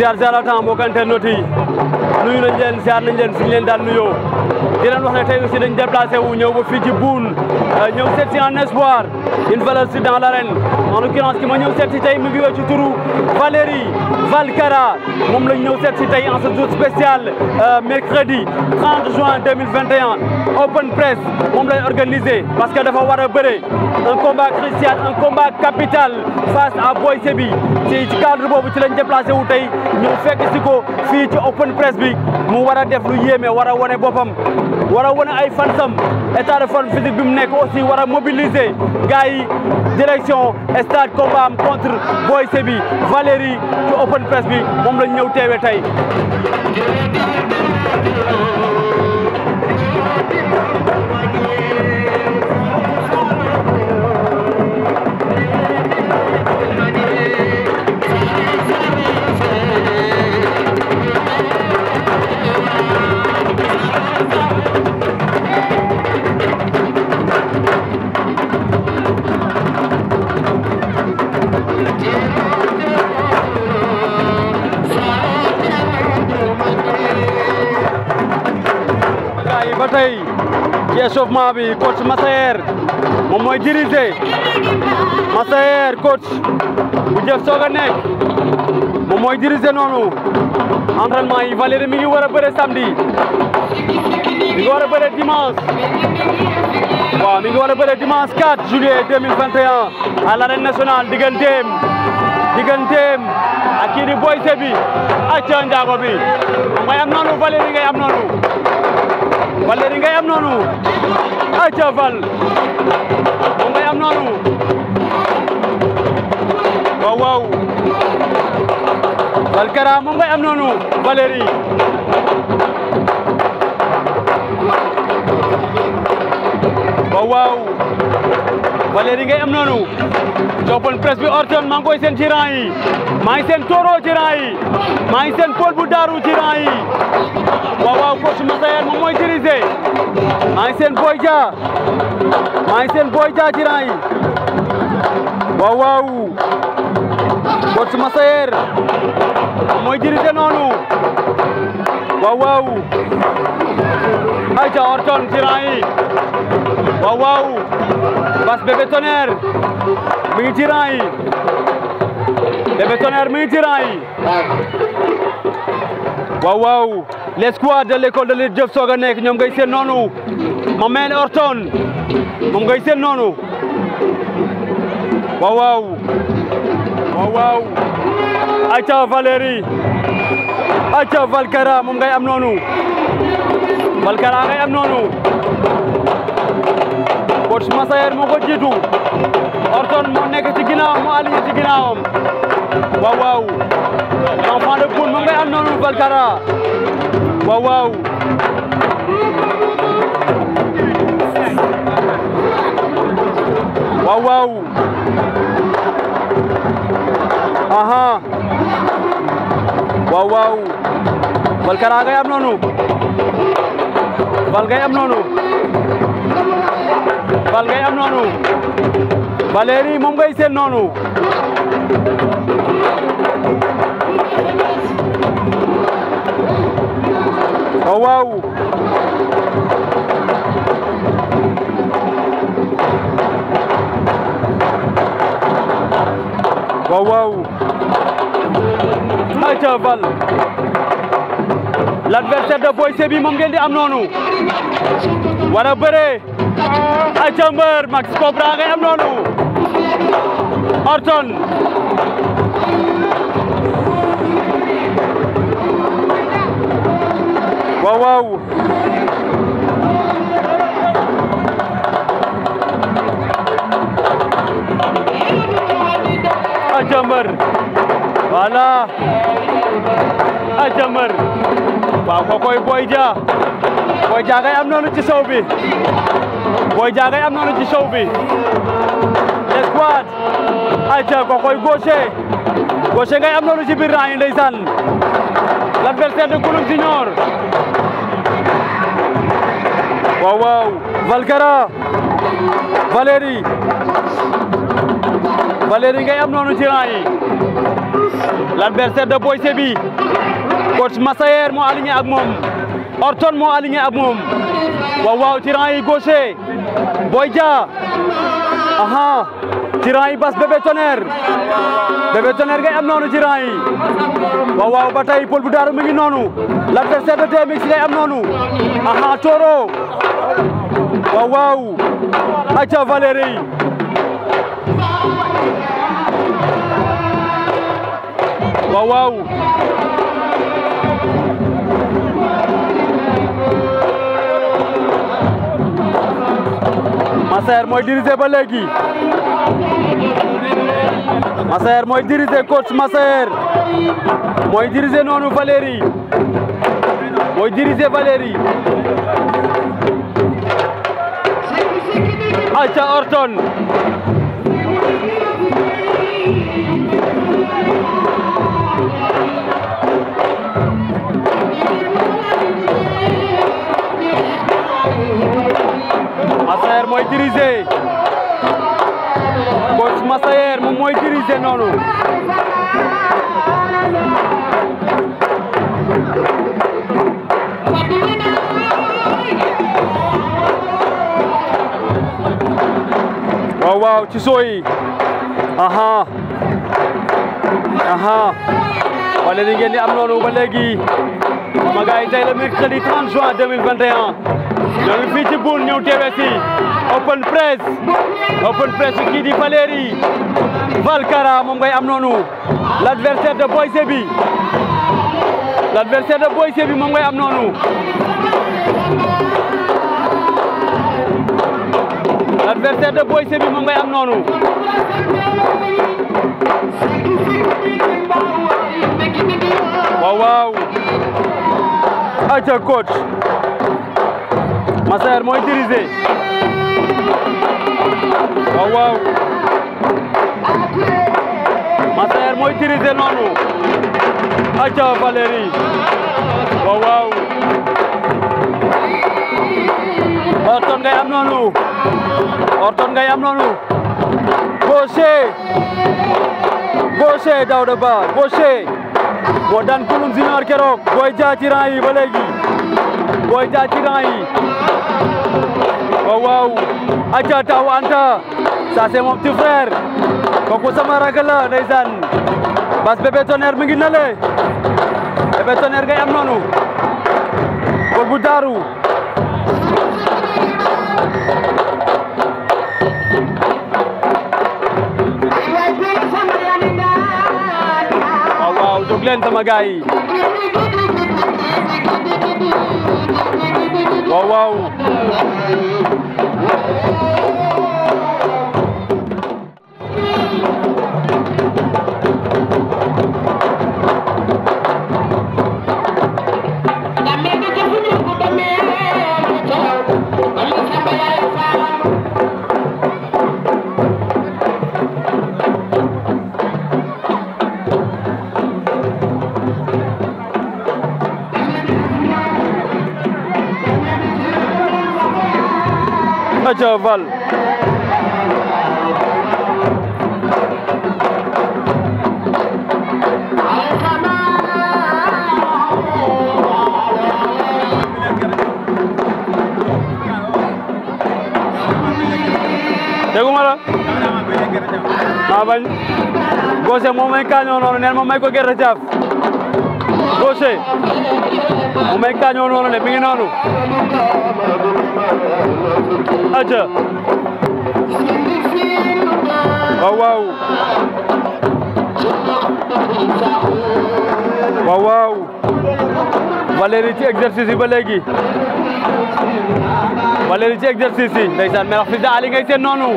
ziar ziar a temps mbokk internet yi nuyu nañ leen ziar nañ leen fi ñu leen daan nuyoo di wax ne tey aussi dañ déplacé wu ñëw ba fii ci Boune euh, ñëw avons en un espoir une valeur ci dans l'arène en l'occurrence ki ma ñëw seet tay mu ngi Valérie Valcara nous lañ ñëw tay en ce jour spécial euh, mercredi 30 juin 2021 open press moom lañ organisé parce que dafa war a un combat crucial un combat capital face à Boy C'est ci cadre boobu ci lañ déplacé wu tey ñëw fekk si ko ci open press bi mu war a def lu yéeme war a wone war a ay fansam état de forme physique bi mu nekk aussi war a mobiliser gars yi direction stade combat am contre Boy Sébi Valérie open press bi moom lañ ñëw teewe tey échauffement bi coach Massaer moom mooy diriger Massaer coach bu jëf soog a nekk noonu entraînement yi Valérie mi ngi a bëre samedi mi ngi a bëre dimanche waaw mi ngi a bëre dimanche 4 juillet 2021 à l'arène nationale di Boy Sébi ak Ndiago bi mooy am noonu Valérie ngay am noonu Waleri ngay am noonu aca Fal moom ngay am noonu waaw Valeri ngay am noonu open press bi Orton maa ngi seen ci rang maa ngi seen Toro ci rang yi maa ngi seen Paul bu Daaru ci rang yi waaw waaw coach Massayer mooy dirigé maa ngi seen Boy Dia maa ngi seen ci rang yi waaw waaw coach Massayer mooy dirigé noonu waaw waaw Orton ci rang waaw waaw Bass Bébé Tonnerre ngi ci rang yi Bébé Tonnerre mi ngi ci rang yi waaw waaw l'escouade de l'école de lutte ñoom ngay seen noonu Mamel Orton moom ngay seen noonu waaw waaw waaw waaw Aïcha Valérie Aïcha Valkara moom ngay am noonu Valkara ngay am noonu coach Massaer moo ko jiitu Orton moo nekk ci ginnaawam moo aligné ci ginnaawam waaw waaw enfant de Boune moom ngay am noonu Valkara waaw waaw waaw waaw aha waaw waaw Valkara ngay am noonu Val ngay am noonu bal ngay am noonu Valérie moom ngay seen noonu oh, waaw oh, waaw waaw waaw Val l'adversaire de Boy Sébi moom ngeen di am noonu war a bëre ay ca mbër Max Cobra ngay am noonu Orton waaw waaw ay ca mbër voilà ay ca mbër waaw kookoy Boy Dia Boy Dia ngay am noonu ci sow bi Boy Diakhao am noonu ci sow bi l'espoir ayca ko koy gaucher gaucher ngay am noonu ci biir rang yi l'adversaire de Gouloum Junior waaw waaw Valgara Valérie Valérie ngay am noonu ci rang l'adversaire de Boy Sébi coach Massayer moo aligné ak moom Orton moo aligné ak moom waaw ci rang yi Boy Dia aha ci bas Bébé Tonnerre Bébé Tonnerre ngay am noonu ci rang yi waaw waaw ba bu Daaru mi ngi noonu l'adversaire de DMX ngay am noonu aha Toro waaw waaw aca Valérie waaw waaw Masayer Moydirize Balegi. Masayer Moydirize Koç Masayer. Moydirize Nonu Valeri. Moydirize Valeri. Ayça Orton. Massaer mooy diriger ci sooyi aha aha wala li ngeen di am noonu ba léegi ma gaay tey le mercredi ñoo ngi fii ci Boune ñëw si open press open press kii di Valérie Valkara moom ngay am noonu l' adversaire de Boy Sébi l' de Boy Sébi moom ngay am noonu l' adversaire de Boy Sébi Massaer mooy dirigé waaw waaw Massaer mooy dirigé noonu aca Valérie waaw waaw Orton ngay am noonu Orton ngay am noonu moo daan kulum junior keroog booy jaa ci rang yi Boy Dia yi waaw oh, waaw aca Anta ça c'est mon petit frère kooku sama rakk la bas bébé tonnerre mi ngi nale bébé tonnerre ngay am noonu bor bu daaru oh, waaw waaw sama gaay Whoa, whoa. aca Val dégguma la maa bañ gose moom may kaañoo noonu neen moom may ko gerte caaf gaucher mu may kaañoo noonu ne mi ngi noonu aja waaw waaw waaw waaw Valérie ci exercice yi ba léegi Valérie ci exercice yi ndeysaan melax fils de Ali ngay seen noonu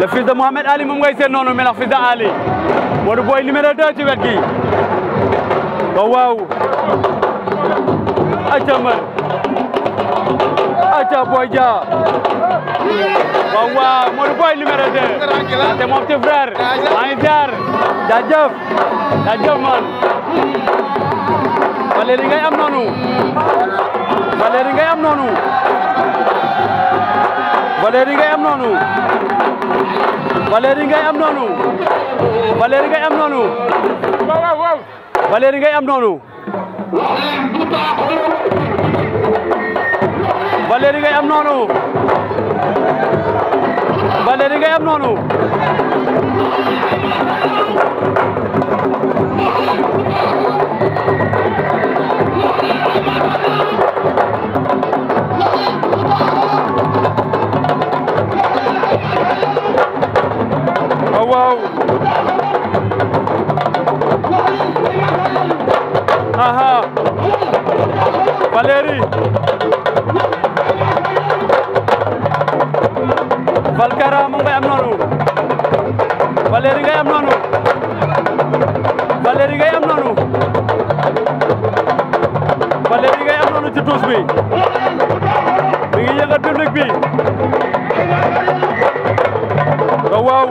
le fils de Mohamed Ali moom ngay seen noonu melax fils de Ali Modou Boy numéro 2 ci wet gi waaw aca mbër aca Boy Dia waaw waaw Modou Boy numéro 2 c'est mon petit frère maa ngi ziar jaajëf jaajëf man Valérie ngay am noonu Valérie ngay am noonu Valérie ngay am noonu Valérie ngay am noonu noonu Valérie ngay am noonu Valérie ngay am noonu Valérie ngay am noonu Diarra mu ngay am noonu Valeri ngay am noonu Valeri ngay am noonu Valeri ngay am noonu ci tuus bi mi ngi yëngal public bi nga waaw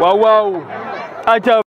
waaw waaw aca